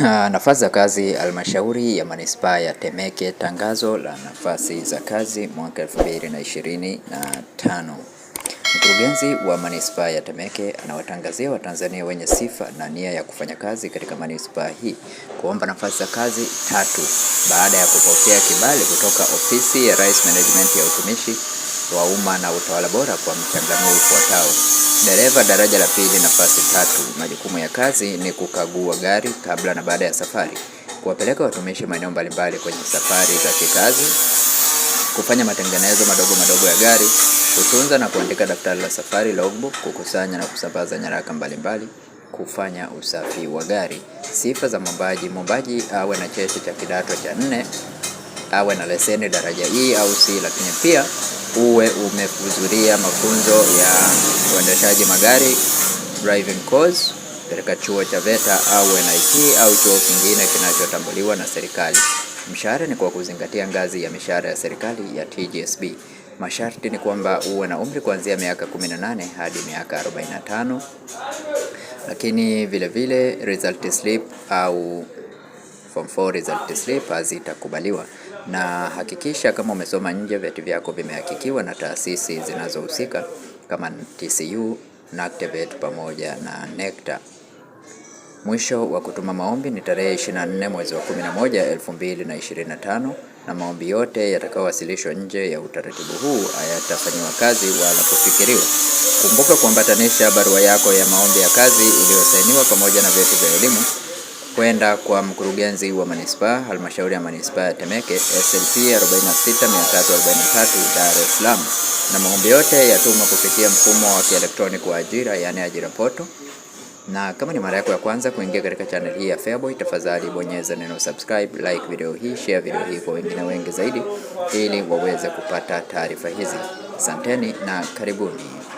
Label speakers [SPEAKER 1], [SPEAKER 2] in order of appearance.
[SPEAKER 1] Ah, nafasi za kazi halmashauri ya manispaa ya Temeke, tangazo la nafasi za kazi mwaka 2025. Mkurugenzi wa manispaa ya Temeke anawatangazia Watanzania wenye sifa na nia ya kufanya kazi katika manispaa hii kuomba nafasi za kazi tatu baada ya kupokea kibali kutoka ofisi ya Rais Management ya Utumishi wa umma na utawala bora kwa mchanganuo ufuatao: dereva daraja la pili, nafasi tatu. Majukumu ya kazi ni kukagua gari kabla na baada ya safari, kuwapeleka watumishi maeneo mbalimbali kwenye safari za kikazi, kufanya matengenezo madogo madogo ya gari, kutunza na kuandika daftari la safari logbook, kukusanya na kusambaza nyaraka mbalimbali kufanya usafi wa gari. Sifa za mwombaji: mwombaji awe na cheti cha kidato cha nne, awe na leseni daraja E au C, lakini pia uwe umehudhuria mafunzo ya uendeshaji magari driving course katika chuo cha VETA au NIT au chuo kingine kinachotambuliwa na serikali. Mshahara ni kwa kuzingatia ngazi ya mishahara ya serikali ya TGSB. Masharti ni kwamba uwe na umri kuanzia miaka 18 hadi miaka 45, lakini vile vile result slip au form 4 result slip hazitakubaliwa na hakikisha kama umesoma nje, vyeti vyako vimehakikiwa na taasisi zinazohusika kama TCU, NACTVET e pamoja na NECTA. Mwisho wa kutuma maombi ni tarehe 24 mwezi wa 11 2025, na maombi yote yatakayowasilishwa nje ya utaratibu huu hayatafanyiwa kazi wala kufikiriwa. Kumbuka kuambatanisha barua yako ya maombi ya kazi iliyosainiwa pamoja na vyeti vya elimu kwenda kwa mkurugenzi wa manispaa halmashauri ya manispaa ya Temeke SLP 46343 Dar es Salaam, na maombi yote yatumwa kupitia mfumo wa kielektroniki wa ajira, yaani ajira poto. Na kama ni mara yako ya kwanza kuingia katika channel hii ya Feaboy, tafadhali bonyeza neno subscribe, like video hii, share video hii kwa wengine wengi zaidi, ili waweze kupata taarifa hizi. Asanteni na karibuni.